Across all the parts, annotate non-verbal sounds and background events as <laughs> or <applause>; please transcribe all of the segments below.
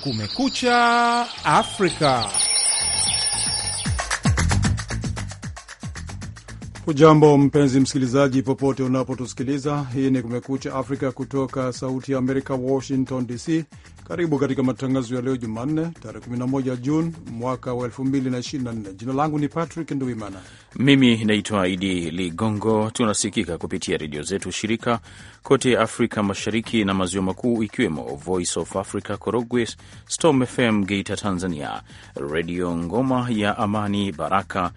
Kumekucha Afrika. Ujambo mpenzi msikilizaji, popote unapotusikiliza. Hii ni Kumekucha Afrika kutoka Sauti ya Amerika, Washington DC. Karibu katika matangazo ya leo Jumanne, tarehe 11 Juni mwaka wa 2024. Jina langu ni Patrick Nduimana, mimi naitwa Idi Ligongo. Tunasikika kupitia redio zetu shirika kote Afrika Mashariki na Maziwa Makuu, ikiwemo Voice of Africa Korogwe, Storm FM Geita Tanzania, Redio Ngoma ya Amani, Baraka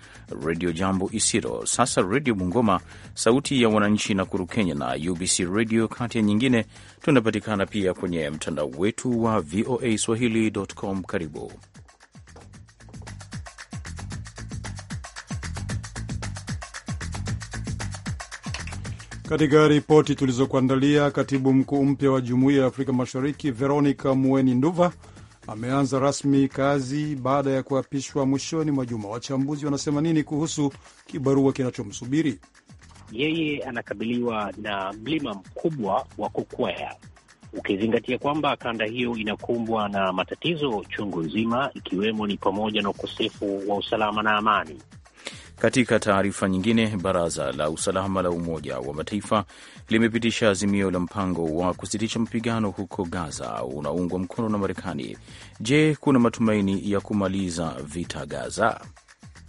Redio Jambo Isiro, Sasa Redio Bungoma, Sauti ya Wananchi na Kuru Kenya na UBC Redio, kati ya nyingine Tunapatikana pia kwenye mtandao wetu wa VOA swahili.com. Karibu katika ripoti tulizokuandalia. Katibu mkuu mpya wa Jumuiya ya Afrika Mashariki Veronica Mueni Nduva ameanza rasmi kazi baada ya kuapishwa mwishoni mwa juma. Wachambuzi wanasema nini kuhusu kibarua kinachomsubiri? yeye anakabiliwa na mlima mkubwa wa kukwea, ukizingatia kwamba kanda hiyo inakumbwa na matatizo chungu nzima, ikiwemo ni pamoja na ukosefu wa usalama na amani. Katika taarifa nyingine, baraza la usalama la Umoja wa Mataifa limepitisha azimio la mpango wa kusitisha mapigano huko Gaza unaungwa mkono na Marekani. Je, kuna matumaini ya kumaliza vita Gaza?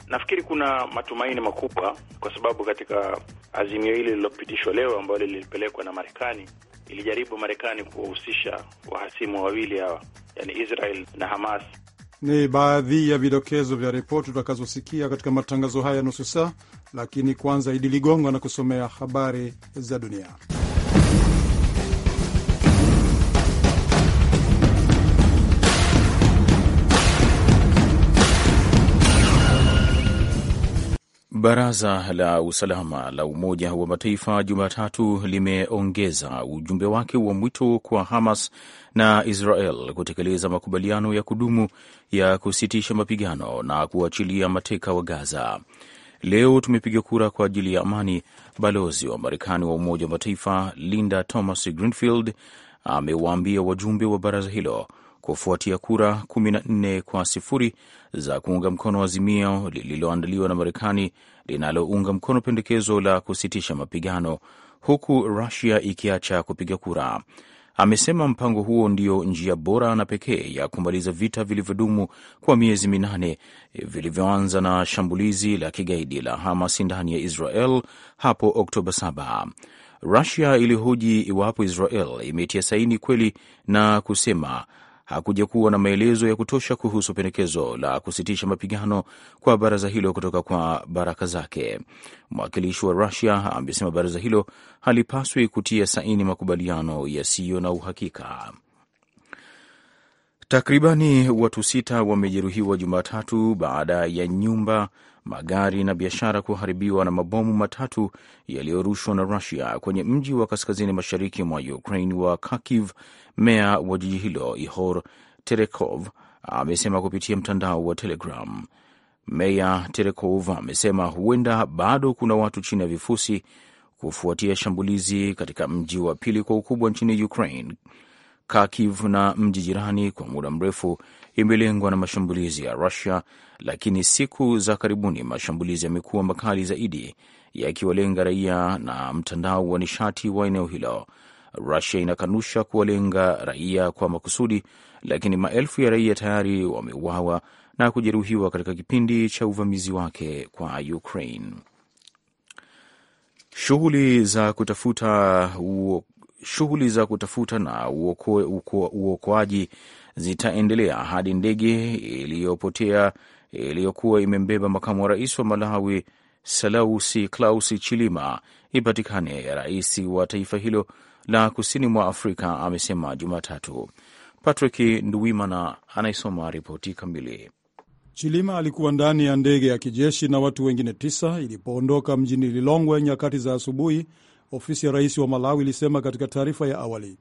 Nafikiri kuna matumaini makubwa, kwa sababu katika azimio hili lililopitishwa leo ambalo lilipelekwa na Marekani, ilijaribu Marekani kuwahusisha wahasimu wawili hawa, yani Israel na Hamas. Ni baadhi ya vidokezo vya ripoti tutakazosikia katika matangazo haya nusu saa, lakini kwanza Idi Ligongo anakusomea habari za dunia. Baraza la Usalama la Umoja wa Mataifa Jumatatu limeongeza ujumbe wake wa mwito kwa Hamas na Israel kutekeleza makubaliano ya kudumu ya kusitisha mapigano na kuachilia mateka wa Gaza. Leo tumepiga kura kwa ajili ya amani, balozi wa Marekani wa Umoja wa Mataifa Linda Thomas Greenfield amewaambia wajumbe wa baraza hilo kufuatia kura 14 kwa sifuri za kuunga mkono azimio lililoandaliwa na Marekani linalounga mkono pendekezo la kusitisha mapigano huku Rusia ikiacha kupiga kura. Amesema mpango huo ndio njia bora na pekee ya kumaliza vita vilivyodumu kwa miezi minane vilivyoanza na shambulizi la kigaidi la Hamas ndani ya Israel hapo Oktoba 7. Rusia ilihoji iwapo Israel imetia saini kweli na kusema hakuja kuwa na maelezo ya kutosha kuhusu pendekezo la kusitisha mapigano kwa baraza hilo kutoka kwa baraka zake. Mwakilishi wa Rusia amesema baraza hilo halipaswi kutia saini makubaliano yasiyo na uhakika. Takribani watu sita wamejeruhiwa Jumatatu baada ya nyumba magari na biashara kuharibiwa na mabomu matatu yaliyorushwa na Rusia kwenye mji wa kaskazini mashariki mwa Ukraine wa Kharkiv. Meya wa jiji hilo Ihor Terekov amesema kupitia mtandao wa Telegram. Meya Terekov amesema huenda bado kuna watu chini ya vifusi kufuatia shambulizi katika mji wa pili kwa ukubwa nchini Ukraine Kharkiv na mji jirani kwa muda mrefu imelengwa na mashambulizi ya Rusia, lakini siku za karibuni mashambulizi yamekuwa makali zaidi yakiwalenga raia na mtandao wa nishati wa eneo hilo. Rusia inakanusha kuwalenga raia kwa makusudi, lakini maelfu ya raia tayari wameuawa na kujeruhiwa katika kipindi cha uvamizi wake kwa Ukraine. Shughuli za kutafuta shughuli za kutafuta na uokoaji zitaendelea hadi ndege iliyopotea iliyokuwa imembeba makamu wa rais wa Malawi Salausi Klaus Chilima ipatikane. Rais wa taifa hilo la kusini mwa Afrika amesema Jumatatu. Patrick Nduwimana anaisoma ripoti kamili. Chilima alikuwa ndani ya ndege ya kijeshi na watu wengine tisa ilipoondoka mjini Lilongwe nyakati za asubuhi ofisi ya rais wa Malawi ilisema katika taarifa ya awali.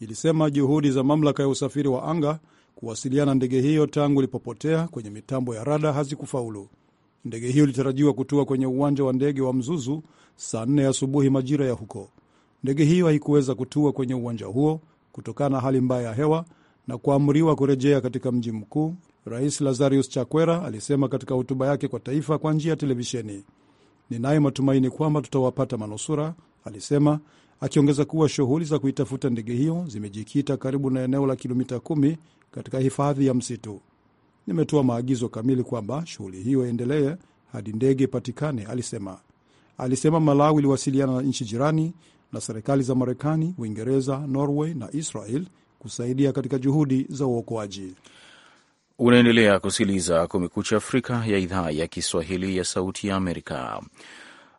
Ilisema juhudi za mamlaka ya usafiri wa anga kuwasiliana na ndege hiyo tangu ilipopotea kwenye mitambo ya rada hazikufaulu. Ndege hiyo ilitarajiwa kutua kwenye uwanja wa ndege wa Mzuzu saa 4 asubuhi majira ya huko. Ndege hiyo haikuweza kutua kwenye uwanja huo kutokana na hali mbaya ya hewa na kuamriwa kurejea katika mji mkuu, Rais Lazarus Chakwera alisema katika hotuba yake kwa taifa kwa njia ya televisheni. Ninayo matumaini kwamba tutawapata manusura alisema, akiongeza kuwa shughuli za kuitafuta ndege hiyo zimejikita karibu na eneo la kilomita kumi katika hifadhi ya msitu. Nimetoa maagizo kamili kwamba shughuli hiyo iendelee hadi ndege ipatikane, alisema. Alisema Malawi iliwasiliana na nchi jirani na serikali za Marekani, Uingereza, Norway na Israel kusaidia katika juhudi za uokoaji. Unaendelea kusikiliza Kumekucha Afrika ya idhaa ya Kiswahili ya Sauti ya Amerika.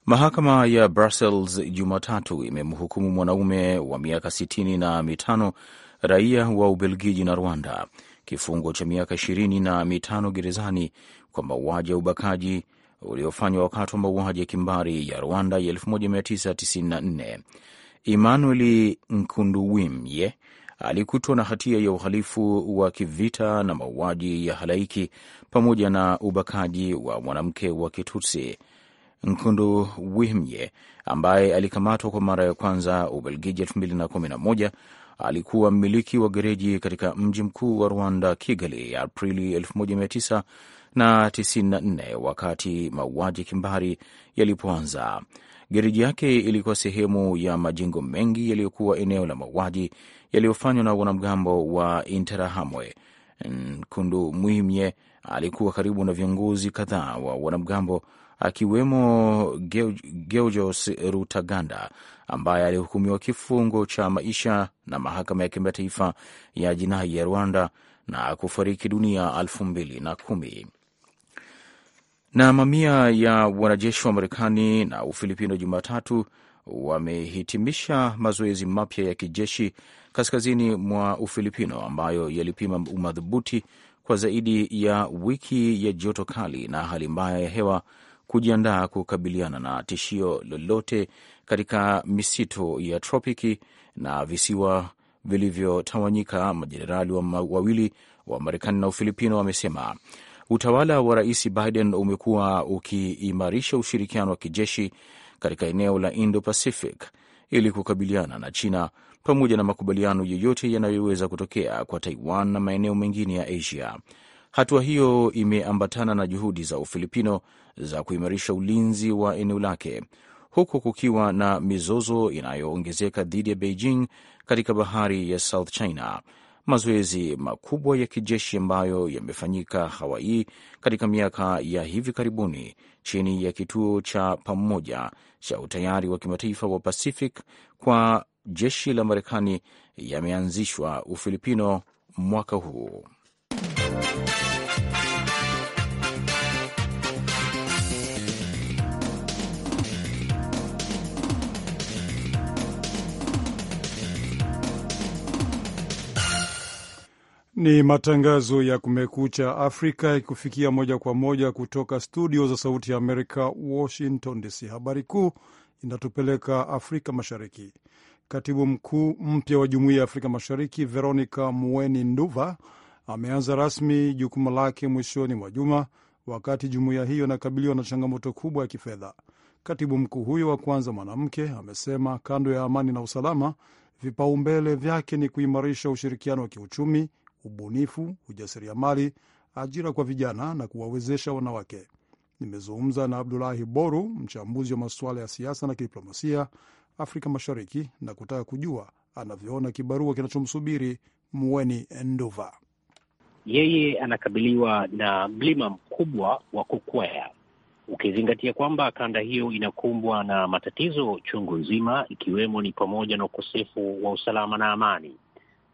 Mahakama ya Brussels Jumatatu imemhukumu mwanaume wa miaka sitini na mitano raia wa Ubelgiji na Rwanda kifungo cha miaka ishirini na mitano gerezani kwa mauaji ya ubakaji uliofanywa wakati wa mauaji ya kimbari ya Rwanda ya 1994. Emmanuel Nkunduwimye alikutwa na hatia ya uhalifu wa kivita na mauaji ya halaiki pamoja na ubakaji wa mwanamke wa Kitutsi. Nkundu Wihmye ambaye alikamatwa kwa mara ya kwanza Ubelgiji 2011 alikuwa mmiliki wa gereji katika mji mkuu wa Rwanda, Kigali, Aprili 1994 wakati mauaji kimbari yalipoanza. Gereji yake ilikuwa sehemu ya majengo mengi yaliyokuwa eneo la mauaji yaliyofanywa na wanamgambo wa Interahamwe. Nkundu Mwimye alikuwa karibu na viongozi kadhaa wa wanamgambo akiwemo Georgios Rutaganda ambaye alihukumiwa kifungo cha maisha na mahakama ya kimataifa ya jinai ya Rwanda na kufariki dunia elfu mbili na kumi. Na mamia ya wanajeshi wa Marekani na Ufilipino Jumatatu wamehitimisha mazoezi mapya ya kijeshi kaskazini mwa Ufilipino ambayo yalipima umadhubuti kwa zaidi ya wiki ya joto kali na hali mbaya ya hewa kujiandaa kukabiliana na tishio lolote katika misitu ya tropiki na visiwa vilivyotawanyika. Majenerali wawili wa Marekani na Ufilipino wamesema utawala wa Rais Biden umekuwa ukiimarisha ushirikiano wa kijeshi katika eneo la Indo-Pacific ili kukabiliana na China pamoja na makubaliano yoyote yanayoweza kutokea kwa Taiwan na maeneo mengine ya Asia. Hatua hiyo imeambatana na juhudi za Ufilipino za kuimarisha ulinzi wa eneo lake huku kukiwa na mizozo inayoongezeka dhidi ya Beijing katika bahari ya South China. Mazoezi makubwa ya kijeshi ambayo yamefanyika Hawaii katika miaka ya hivi karibuni chini ya kituo cha pamoja cha utayari wa kimataifa wa Pacific kwa jeshi la Marekani yameanzishwa Ufilipino mwaka huu. Ni matangazo ya Kumekucha Afrika ikufikia moja kwa moja kutoka studio za Sauti ya Amerika, Washington DC. Habari kuu inatupeleka Afrika Mashariki. Katibu mkuu mpya wa Jumuiya ya Afrika Mashariki Veronica mweni Nduva ameanza rasmi jukumu lake mwishoni mwa juma, wakati jumuiya hiyo inakabiliwa na changamoto kubwa ya kifedha. Katibu mkuu huyo wa kwanza mwanamke amesema kando ya amani na usalama, vipaumbele vyake ni kuimarisha ushirikiano wa kiuchumi, ubunifu, ujasiriamali, ajira kwa vijana na kuwawezesha wanawake. Nimezungumza na Abdulahi Boru, mchambuzi wa masuala ya siasa na kidiplomasia Afrika Mashariki, na kutaka kujua anavyoona kibarua kinachomsubiri Mweni Nduva yeye anakabiliwa na mlima mkubwa wa kukwea, ukizingatia kwamba kanda hiyo inakumbwa na matatizo chungu nzima, ikiwemo ni pamoja na ukosefu wa usalama na amani.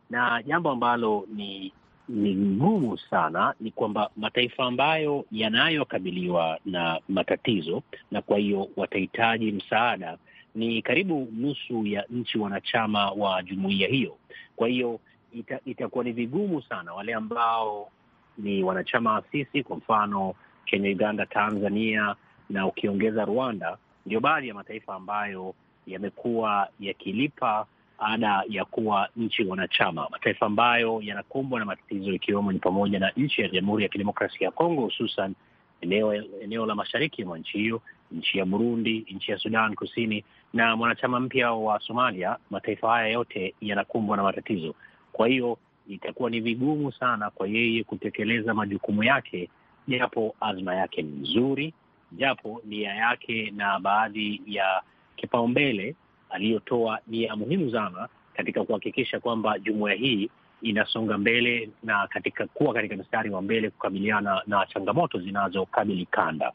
Na jambo ambalo ni ni ngumu sana ni kwamba mataifa ambayo yanayokabiliwa na matatizo na kwa hiyo watahitaji msaada ni karibu nusu ya nchi wanachama wa jumuiya hiyo. Kwa hiyo ita, itakuwa ni vigumu sana wale ambao ni wanachama asisi, kwa mfano Kenya, Uganda, Tanzania na ukiongeza Rwanda, ndio baadhi ya mataifa ambayo yamekuwa yakilipa ada ya kuwa nchi wanachama. Mataifa ambayo yanakumbwa na matatizo ikiwemo ni pamoja na nchi ya Jamhuri ya Kidemokrasia ya Kongo, hususan eneo, eneo la mashariki mwa nchi hiyo, nchi ya Burundi, nchi ya Sudan Kusini na mwanachama mpya wa Somalia. Mataifa haya yote yanakumbwa na matatizo. Kwa hiyo itakuwa ni vigumu sana kwa yeye kutekeleza majukumu yake, japo azma yake ni nzuri, japo nia yake na baadhi ya kipaumbele aliyotoa ni ya muhimu sana katika kuhakikisha kwamba jumuiya hii inasonga mbele na katika kuwa katika mstari wa mbele kukabiliana na changamoto zinazokabili kanda.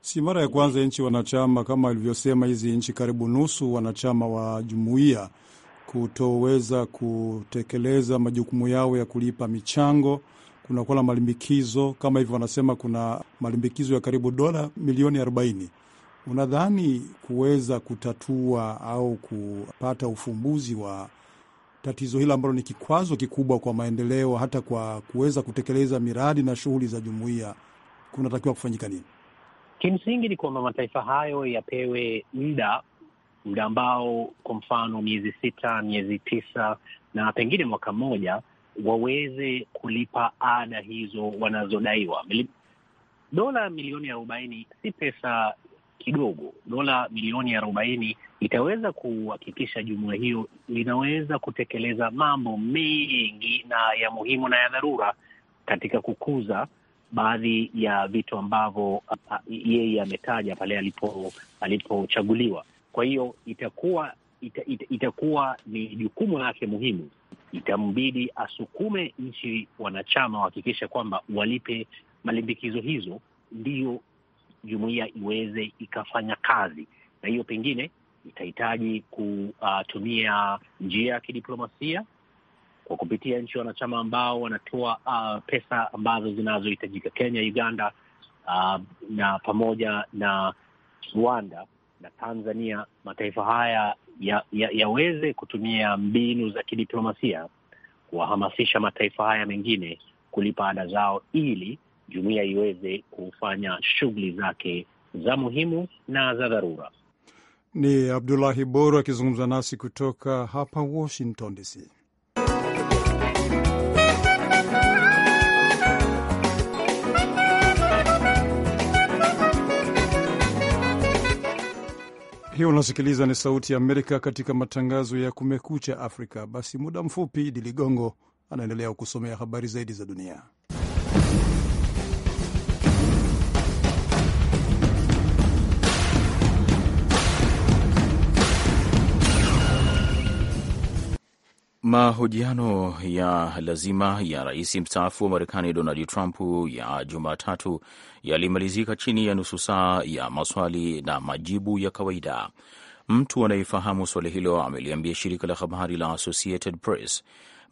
Si mara ya kwanza nchi wanachama, kama ilivyosema hizi nchi karibu nusu wanachama wa jumuiya kutoweza kutekeleza majukumu yao ya kulipa michango kunakuwa na malimbikizo kama hivyo, wanasema kuna malimbikizo ya karibu dola milioni 40. Unadhani kuweza kutatua au kupata ufumbuzi wa tatizo hili ambalo ni kikwazo kikubwa kwa maendeleo, hata kwa kuweza kutekeleza miradi na shughuli za jumuiya, kunatakiwa kufanyika nini? Kimsingi ni kwamba mataifa hayo yapewe muda muda ambao kwa mfano miezi sita, miezi tisa na pengine mwaka mmoja, waweze kulipa ada hizo wanazodaiwa. Dola milioni arobaini si pesa kidogo. Dola milioni arobaini itaweza kuhakikisha jumua hiyo linaweza kutekeleza mambo mengi na ya muhimu na ya dharura katika kukuza baadhi ya vitu ambavyo yeye ametaja pale alipochaguliwa. Kwa hiyo itakuwa ita, ita, itakuwa ni jukumu lake muhimu, itambidi asukume nchi wanachama wahakikisha kwamba walipe malimbikizo hizo, ndiyo jumuiya iweze ikafanya kazi, na hiyo pengine itahitaji kutumia uh, njia ya kidiplomasia kwa kupitia nchi wanachama ambao wanatoa uh, pesa ambazo zinazohitajika, Kenya, Uganda uh, na pamoja na Rwanda na Tanzania, mataifa haya yaweze ya, ya kutumia mbinu za kidiplomasia kuwahamasisha mataifa haya mengine kulipa ada zao ili jumuiya iweze kufanya shughuli zake za muhimu na za dharura. Ni Abdulahi Boru akizungumza nasi kutoka hapa Washington DC. hiyo unasikiliza ni Sauti ya Amerika katika matangazo ya Kumekucha Afrika. Basi muda mfupi idi ligongo anaendelea kusomea habari zaidi za dunia. Mahojiano ya lazima ya rais mstaafu wa Marekani Donald Trump ya Jumatatu yalimalizika chini ya nusu saa ya maswali na majibu ya kawaida. Mtu anayefahamu suala hilo ameliambia shirika la habari la Associated Press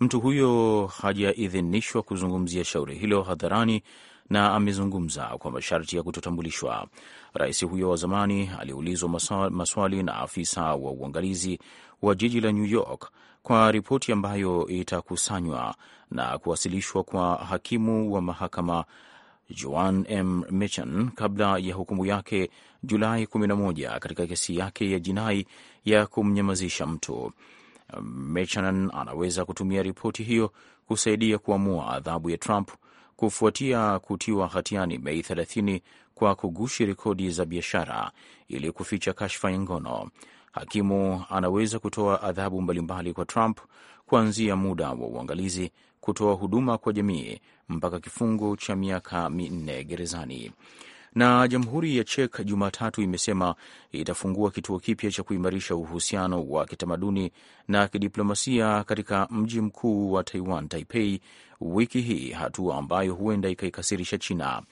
mtu huyo hajaidhinishwa kuzungumzia shauri hilo hadharani na amezungumza kwa masharti ya kutotambulishwa. Rais huyo wa zamani aliulizwa maswali na afisa wa uangalizi wa jiji la New York kwa ripoti ambayo itakusanywa na kuwasilishwa kwa hakimu wa mahakama Joan M. Michan kabla ya hukumu yake Julai 11 katika kesi yake ya jinai ya kumnyamazisha mtu. Michan anaweza kutumia ripoti hiyo kusaidia kuamua adhabu ya Trump kufuatia kutiwa hatiani Mei 30 kwa kugushi rekodi za biashara ili kuficha kashfa ya ngono hakimu anaweza kutoa adhabu mbalimbali kwa Trump, kuanzia muda wa uangalizi, kutoa huduma kwa jamii, mpaka kifungo cha miaka minne gerezani. Na Jamhuri ya Czech Jumatatu imesema itafungua kituo kipya cha kuimarisha uhusiano wa kitamaduni na kidiplomasia katika mji mkuu wa Taiwan, Taipei, wiki hii, hatua ambayo huenda ikaikasirisha China.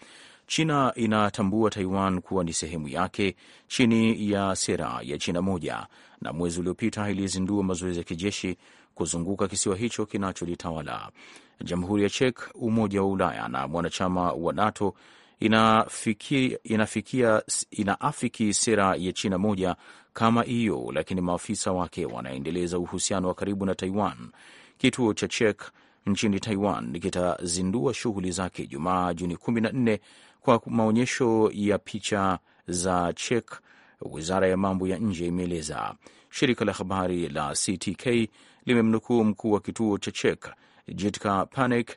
China inatambua Taiwan kuwa ni sehemu yake chini ya sera ya China moja, na mwezi uliopita ilizindua mazoezi ya kijeshi kuzunguka kisiwa hicho kinacholitawala Jamhuri ya Czech, Umoja wa Ulaya na mwanachama wa NATO inafikia, inafikia, inaafiki sera ya China moja kama hiyo, lakini maafisa wake wanaendeleza uhusiano wa karibu na Taiwan. Kituo cha Czech nchini Taiwan kitazindua shughuli zake Jumaa Juni 14 kwa maonyesho ya picha za Czech, wizara ya mambo ya nje imeeleza. Shirika la habari la CTK limemnukuu mkuu wa kituo cha Czech Jitka Panek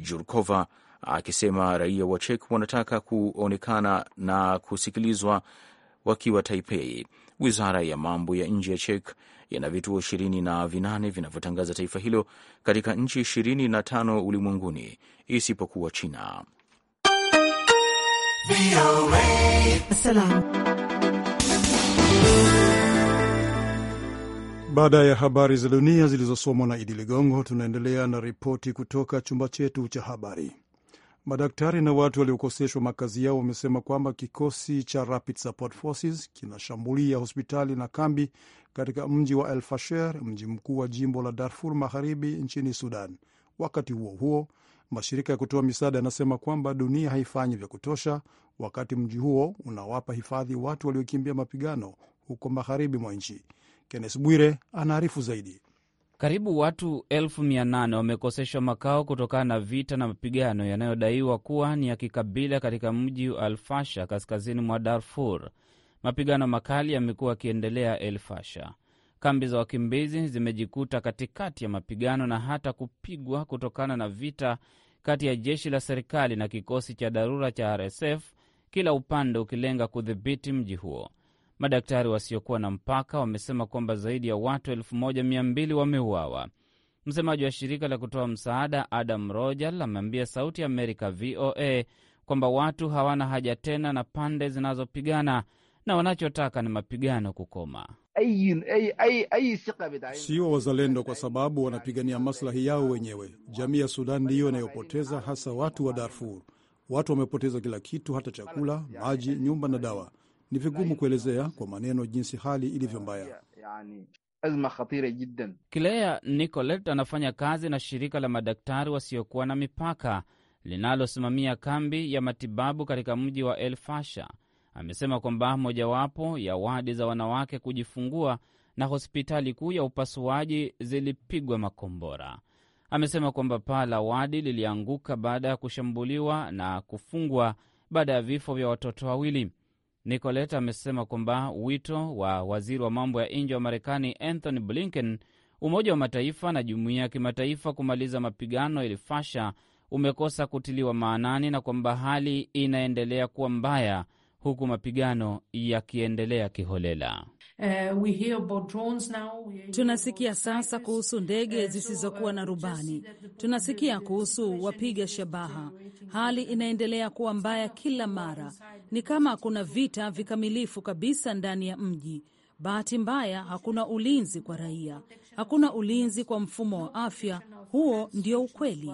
Jurkova akisema raia wa Czech wanataka kuonekana na kusikilizwa wakiwa Taipei. Wizara ya mambo ya nje ya Czech yana vituo ishirini na vinane vinavyotangaza taifa hilo katika nchi ishirini na tano ulimwenguni isipokuwa China. Baada ya habari za dunia zilizosomwa na Idi Ligongo, tunaendelea na ripoti kutoka chumba chetu cha habari. Madaktari na watu waliokoseshwa makazi yao wamesema kwamba kikosi cha Rapid Support Forces kinashambulia hospitali na kambi katika mji wa El Fasher, mji mkuu wa jimbo la Darfur Magharibi nchini Sudan. Wakati huo huo, Mashirika ya kutoa misaada yanasema kwamba dunia haifanyi vya kutosha, wakati mji huo unawapa hifadhi watu waliokimbia mapigano huko magharibi mwa nchi. Kennes Bwire anaarifu zaidi. Karibu watu elfu mia nane wamekoseshwa makao kutokana na vita na mapigano yanayodaiwa kuwa ni ya kikabila katika mji wa Alfasha kaskazini mwa Darfur. Mapigano makali yamekuwa yakiendelea Elfasha. Kambi za wakimbizi zimejikuta katikati ya mapigano na hata kupigwa kutokana na vita kati ya jeshi la serikali na kikosi cha dharura cha RSF, kila upande ukilenga kudhibiti mji huo. Madaktari wasiokuwa na mpaka wamesema kwamba zaidi ya watu 1200 wameuawa. Msemaji wa shirika la kutoa msaada Adam rogel ameambia Sauti ya Amerika VOA kwamba watu hawana haja tena na pande zinazopigana na wanachotaka ni mapigano kukoma sio wazalendo kwa sababu wanapigania maslahi yao wenyewe. Jamii ya Sudan ndiyo inayopoteza, hasa watu wa Darfur. Watu wamepoteza kila kitu, hata chakula, maji, nyumba na dawa. Ni vigumu kuelezea kwa maneno jinsi hali ilivyo mbaya. Kilea Nicolet anafanya kazi na shirika la madaktari wasiokuwa na mipaka linalosimamia kambi ya matibabu katika mji wa El amesema kwamba mojawapo ya wadi za wanawake kujifungua na hospitali kuu ya upasuaji zilipigwa makombora. Amesema kwamba paa la wadi lilianguka baada ya kushambuliwa na kufungwa baada ya vifo vya watoto wawili. Nicolette amesema kwamba wito wa waziri wa mambo ya nje wa Marekani Anthony Blinken, Umoja wa Mataifa na jumuiya ya kimataifa kumaliza mapigano ilifasha umekosa kutiliwa maanani na kwamba hali inaendelea kuwa mbaya huku mapigano yakiendelea kiholela. Uh, we hear about drones now. We hear... tunasikia sasa kuhusu ndege eh, zisizokuwa na eh, rubani, tunasikia kuhusu wapiga shabaha. Hali inaendelea kuwa mbaya kila mara, ni kama kuna vita vikamilifu kabisa ndani ya mji. Bahati mbaya, hakuna ulinzi kwa raia, hakuna ulinzi kwa mfumo wa afya. Huo ndio ukweli.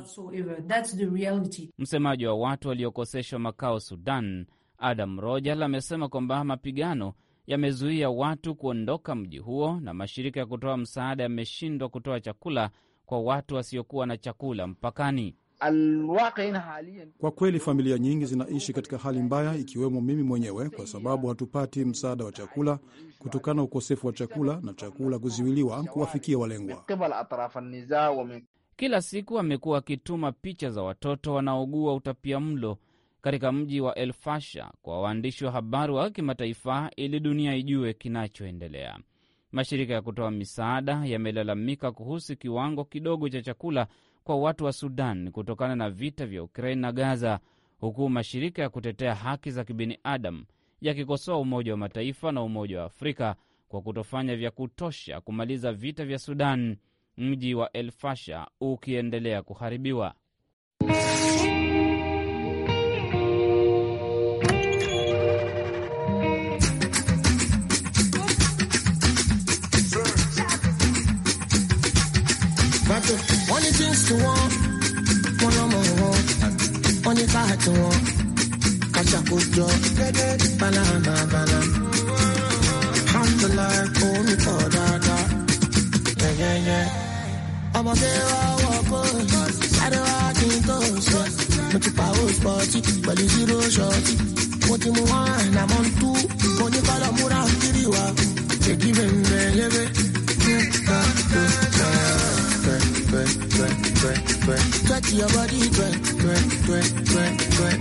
Msemaji wa watu waliokoseshwa makao Sudan Adam Rogers amesema kwamba mapigano yamezuia watu kuondoka mji huo na mashirika ya kutoa msaada yameshindwa kutoa chakula kwa watu wasiokuwa na chakula mpakani. Kwa kweli familia nyingi zinaishi katika hali mbaya, ikiwemo mimi mwenyewe, kwa sababu hatupati msaada wa chakula kutokana na ukosefu wa chakula na chakula kuziwiliwa kuwafikia walengwa. Kila siku amekuwa akituma picha za watoto wanaogua utapia mlo katika mji wa El kwa waandishi wa habari wa kimataifa ili dunia ijue kinachoendelea. Mashirika ya kutoa misaada yamelalamika kuhusu kiwango kidogo cha chakula kwa watu wa Sudan kutokana na vita vya Ukraine na Gaza, huku mashirika ya kutetea haki za kibinadamu yakikosoa Umoja wa Mataifa na Umoja wa Afrika kwa kutofanya vya kutosha kumaliza vita vya Sudan, mji wa El ukiendelea kuharibiwa. Money things to want, one no more want. Money car to want, catch a good job. Banana, banana. Hand the life, hold for that. Yeah, yeah, yeah. I'm a day I walk on. I don't want to go so. But you power sporty, but you zero shorty. What you want, I'm on two. Money car, I'm give than up. Take even, baby. Yeah, yeah, yeah twerk, twerk, Touch your body, twerk, twerk, twerk, twerk, twerk,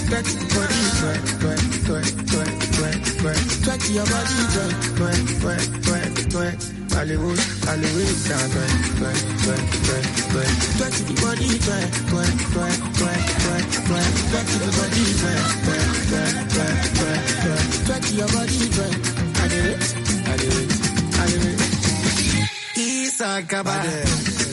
twerk. Touch your body, twerk, twerk, twerk, twerk, twerk, twerk. Touch your body, twerk, twerk, twerk, twerk, twerk. Hollywood, Hollywood, down, twerk, twerk, twerk, twerk, twerk. Touch your body, twerk, twerk, twerk, twerk, twerk, twerk. Touch your body, twerk, twerk, twerk, twerk, twerk, twerk. Touch your body, twerk. I did it, I did it, I did it. Sakaba.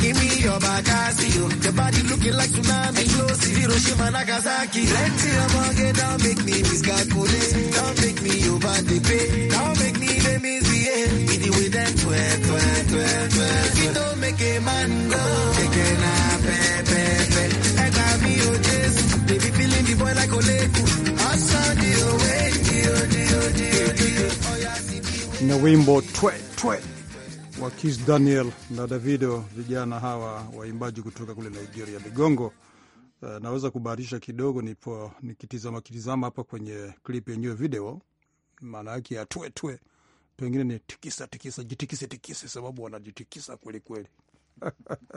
Give me your Bakasi, your body looking like tsunami, close to Hiroshima, Nagasaki. Let's see your market, don't make me miss miscalculate, don't make me over the pay, don't make me the misbehave. With the way them twer, twer, twer, twer, you don't make a man go. Take a nap, pepe, pepe, and I be your Jesus. They be feeling the boy like Oleku. I saw the way, the, the, the, the, the, the, the, the, the, the, the, the, the, wa Kiss Daniel na Davido, vijana hawa waimbaji kutoka kule Nigeria. Migongo uh, eh, naweza kubahatisha kidogo, nipo nikitizama kitizama hapa kwenye klip yenyewe video, maana yake ya pengine ni tikisa tikisa, jitikise tikise, sababu wanajitikisa kwelikweli. <laughs>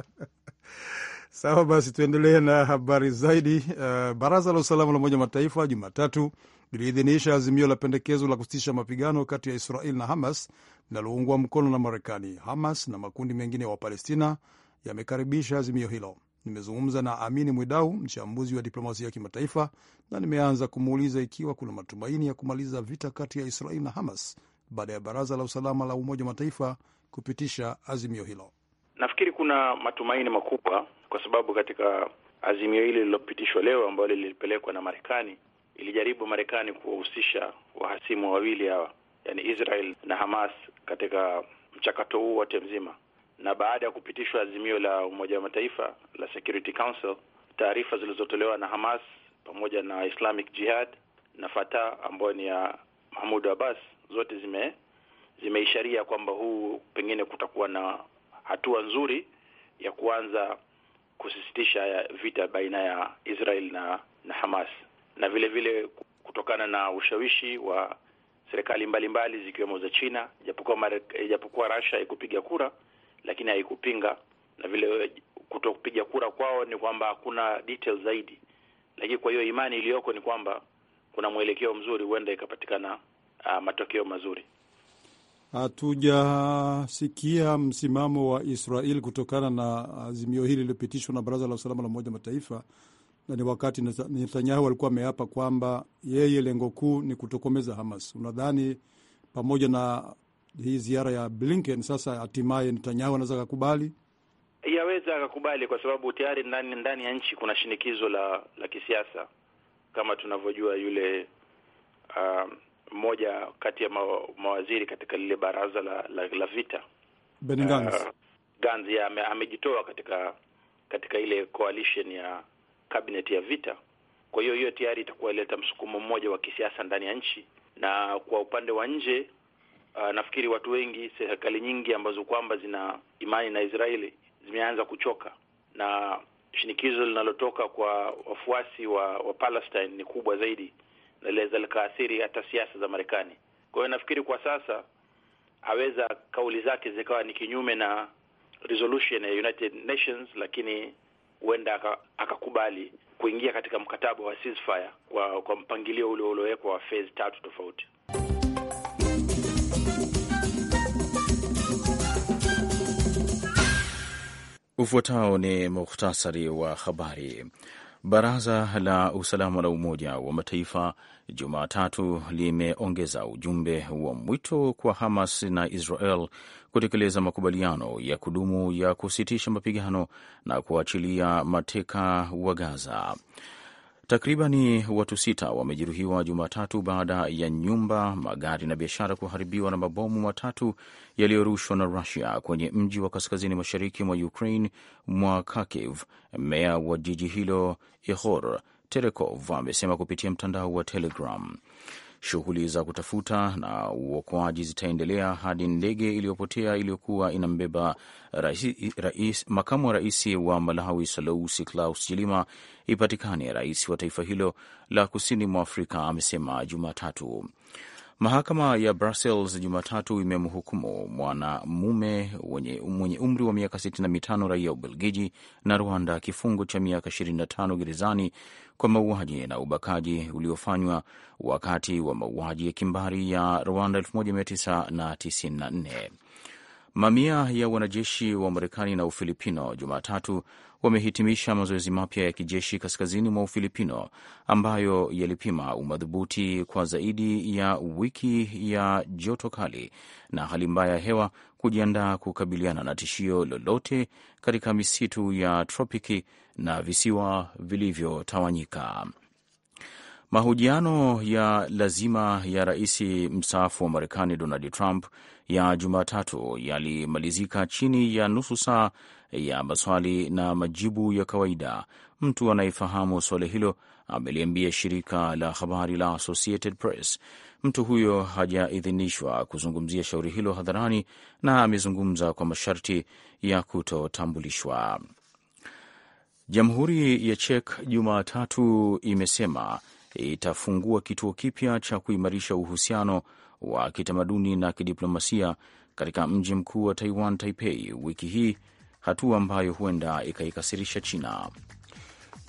Sawa basi, tuendelee na habari zaidi. Uh, baraza la usalama la Umoja wa Mataifa Jumatatu liliidhinisha azimio la pendekezo la kusitisha mapigano kati ya Israel na Hamas linaloungwa mkono na Marekani. Hamas na makundi mengine ya Wapalestina yamekaribisha azimio hilo. Nimezungumza na Amini Mwidau, mchambuzi wa diplomasia ya kimataifa, na nimeanza kumuuliza ikiwa kuna matumaini ya kumaliza vita kati ya Israel na Hamas baada ya baraza la usalama la Umoja wa Mataifa kupitisha azimio hilo. Nafikiri kuna matumaini makubwa, kwa sababu katika azimio hili lililopitishwa leo ambalo lilipelekwa na Marekani, ilijaribu Marekani kuwahusisha wahasimu wawili hawa, yani Israel na Hamas, katika mchakato huu wote mzima. Na baada ya kupitishwa azimio la Umoja wa Mataifa la Security Council, taarifa zilizotolewa na Hamas pamoja na Islamic Jihad na Fatah ambayo ni ya Mahmud Abbas zote zime zimeisharia kwamba huu pengine kutakuwa na hatua nzuri ya kuanza kusisitisha vita baina ya Israel na, na Hamas na vile vile kutokana na ushawishi wa serikali mbalimbali zikiwemo za China, japokuwa japokuwa Russia haikupiga kura lakini haikupinga, na vile kutopiga kura kwao ni kwamba hakuna detail zaidi, lakini kwa hiyo imani iliyoko ni kwamba kuna mwelekeo mzuri, huenda ikapatikana ah, matokeo mazuri hatujasikia msimamo wa Israel kutokana na azimio hili lililopitishwa na Baraza la Usalama la Umoja Mataifa, na ni wakati Netanyahu alikuwa ameapa kwamba yeye lengo kuu ni kutokomeza Hamas. Unadhani pamoja na hii ziara ya Blinken sasa hatimaye Netanyahu anaweza akakubali? Yaweza akakubali kwa sababu tayari ndani ndani ya nchi kuna shinikizo la la kisiasa kama tunavyojua yule um, mmoja kati ya ma, mawaziri katika lile baraza la, la, la vita Benny Gantz. Uh, Gantz amejitoa katika katika ile coalition ya cabinet ya vita. Kwa hiyo hiyo tayari itakuwa ileta msukumo mmoja wa kisiasa ndani ya nchi, na kwa upande wa nje uh, nafikiri watu wengi, serikali nyingi ambazo kwamba zina imani na Israeli zimeanza kuchoka na shinikizo linalotoka kwa wafuasi wa, wa Palestine ni kubwa zaidi linaweza likaathiri hata siasa za Marekani. Kwa hiyo nafikiri kwa sasa aweza kauli zake zikawa ni kinyume na resolution ya United Nations, lakini huenda akakubali kuingia katika mkataba wa ceasefire kwa, kwa mpangilio ule uliowekwa wa phase tatu tofauti. Ufuatao ni muhtasari wa habari. Baraza la usalama la Umoja wa Mataifa Jumatatu limeongeza ujumbe wa mwito kwa Hamas na Israel kutekeleza makubaliano ya kudumu ya kusitisha mapigano na kuachilia mateka wa Gaza. Takribani watu sita wamejeruhiwa Jumatatu baada ya nyumba, magari na biashara kuharibiwa na mabomu matatu yaliyorushwa na Rusia kwenye mji wa kaskazini mashariki mwa Ukraine mwa Kharkiv. Meya wa jiji hilo Ihor Terekov amesema kupitia mtandao wa Telegram. Shughuli za kutafuta na uokoaji zitaendelea hadi ndege iliyopotea iliyokuwa inambeba rais, rais, makamu wa rais wa Malawi Salousi Klaus jilima ipatikane. Rais wa taifa hilo la kusini mwa Afrika amesema Jumatatu. Mahakama ya Brussels Jumatatu imemhukumu mwanamume mwenye umri wa miaka 65 raia wa Ubelgiji na Rwanda kifungo cha miaka 25 gerezani kwa mauaji na ubakaji uliofanywa wakati wa mauaji ya kimbari ya Rwanda 1994. Mamia ya wanajeshi wa Marekani na Ufilipino Jumatatu wamehitimisha mazoezi mapya ya kijeshi kaskazini mwa Ufilipino ambayo yalipima umadhubuti kwa zaidi ya wiki ya joto kali na hali mbaya ya hewa kujiandaa kukabiliana na tishio lolote katika misitu ya tropiki na visiwa vilivyotawanyika. Mahojiano ya lazima ya rais mstaafu wa Marekani Donald Trump ya Jumatatu yalimalizika chini ya nusu saa ya maswali na majibu ya kawaida. Mtu anayefahamu suala hilo ameliambia shirika la habari la Associated Press. Mtu huyo hajaidhinishwa kuzungumzia shauri hilo hadharani na amezungumza kwa masharti ya kutotambulishwa. Jamhuri ya Czech Jumatatu imesema itafungua kituo kipya cha kuimarisha uhusiano wa kitamaduni na kidiplomasia katika mji mkuu wa Taiwan, Taipei, wiki hii, hatua ambayo huenda ikaikasirisha China.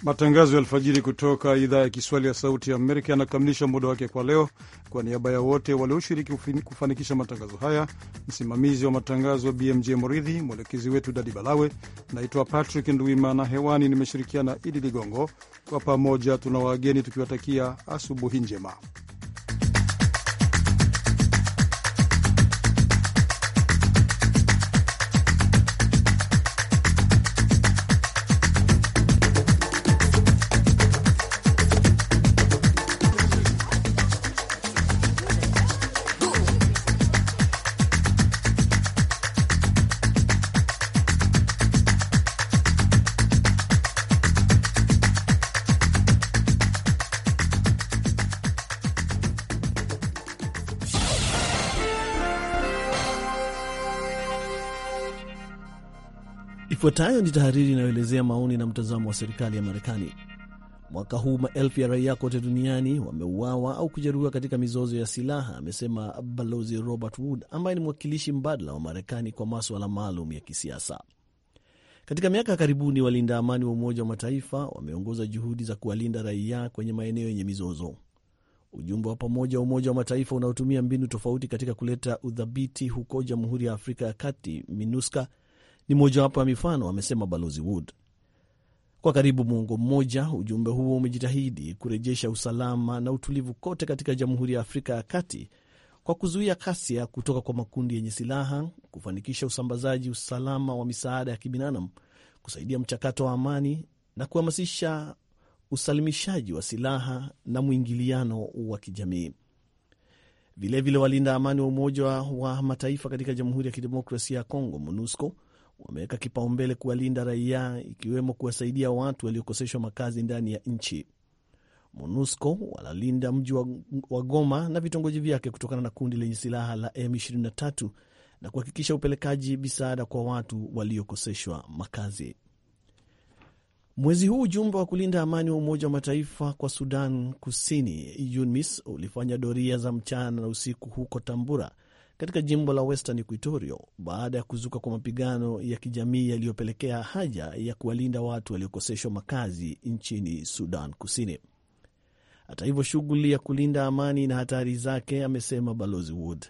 Matangazo ya alfajiri kutoka idhaa ya Kiswahili ya Sauti ya Amerika yanakamilisha muda wake kwa leo. Kwa niaba ya wote walioshiriki kufanikisha matangazo haya, msimamizi wa matangazo BMJ Moridhi, mwelekezi wetu Dadi Balawe, naitwa Patrick Nduimana, hewani nimeshirikiana Idi Ligongo. Kwa pamoja tuna wageni tukiwatakia asubuhi njema. Ifuatayo ni tahariri inayoelezea maoni na mtazamo wa serikali ya Marekani. Mwaka huu maelfu ya raia kote duniani wameuawa au kujeruhiwa katika mizozo ya silaha, amesema Balozi Robert Wood ambaye ni mwakilishi mbadala wa Marekani kwa maswala maalum ya kisiasa. Katika miaka ya karibuni, walinda amani wa Umoja wa Mataifa wameongoza juhudi za kuwalinda raia kwenye maeneo yenye mizozo. Ujumbe wa pamoja wa Umoja wa Mataifa unaotumia mbinu tofauti katika kuleta udhabiti huko Jamhuri ya Afrika ya Kati, MINUSCA, ni mojawapo ya mifano, amesema Balozi Wood. Kwa karibu muongo mmoja, ujumbe huo umejitahidi kurejesha usalama na utulivu kote katika Jamhuri ya Afrika ya Kati kwa kuzuia ghasia kutoka kwa makundi yenye silaha, kufanikisha usambazaji usalama wa misaada ya kibinadamu, kusaidia mchakato wa amani na kuhamasisha usalimishaji wa silaha na mwingiliano wa kijamii. Vilevile, walinda amani wa Umoja wa Mataifa katika Jamhuri ya Kidemokrasia ya Kongo, MONUSCO, wameweka kipaumbele kuwalinda raia ikiwemo kuwasaidia watu waliokoseshwa makazi ndani ya nchi. MONUSCO wanalinda mji wa Goma na vitongoji vyake kutokana na kundi lenye silaha la M23 na kuhakikisha upelekaji misaada kwa watu waliokoseshwa makazi. Mwezi huu ujumbe wa kulinda amani wa Umoja wa Mataifa kwa Sudan Kusini, UNMISS, ulifanya doria za mchana na usiku huko Tambura katika jimbo la Western Equatoria baada ya kuzuka kwa mapigano ya kijamii yaliyopelekea haja ya kuwalinda watu waliokoseshwa makazi nchini Sudan Kusini. Hata hivyo, shughuli ya kulinda amani na hatari zake, amesema Balozi Wood,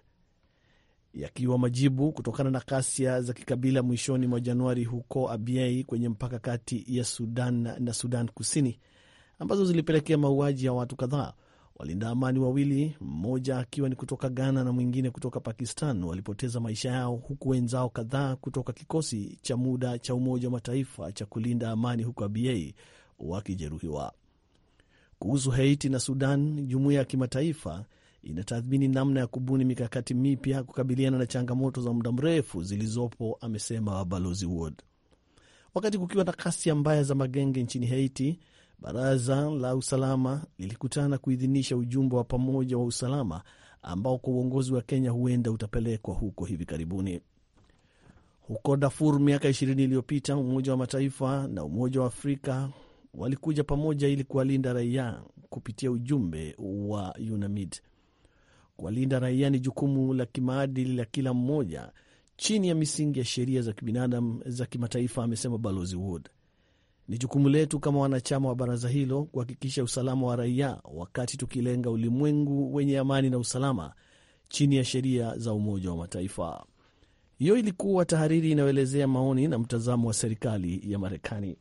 yakiwa majibu kutokana na ghasia za kikabila mwishoni mwa Januari huko Abyei kwenye mpaka kati ya Sudan na Sudan Kusini ambazo zilipelekea mauaji ya watu kadhaa. Walinda amani wawili, mmoja akiwa ni kutoka Ghana na mwingine kutoka Pakistan, walipoteza maisha yao, huku wenzao kadhaa kutoka kikosi cha muda cha Umoja wa Mataifa cha kulinda amani huko Abyei wakijeruhiwa. Kuhusu Haiti na Sudan, jumuiya ya kimataifa inatathmini namna ya kubuni mikakati mipya kukabiliana na changamoto za muda mrefu zilizopo, amesema Balozi Wood. Wakati kukiwa na kasi mbaya za magenge nchini Haiti, Baraza la usalama lilikutana kuidhinisha ujumbe wa pamoja wa usalama ambao kwa uongozi wa Kenya huenda utapelekwa huko hivi karibuni. Huko Darfur miaka ishirini iliyopita, Umoja wa Mataifa na Umoja wa Afrika walikuja pamoja ili kuwalinda raia kupitia ujumbe wa UNAMID. Kuwalinda raia ni jukumu la kimaadili la kila mmoja chini ya misingi ya sheria za kibinadamu za kimataifa, amesema Balozi Wood. Ni jukumu letu kama wanachama wa baraza hilo kuhakikisha usalama wa raia wakati tukilenga ulimwengu wenye amani na usalama chini ya sheria za Umoja wa Mataifa. Hiyo ilikuwa tahariri inayoelezea maoni na mtazamo wa serikali ya Marekani.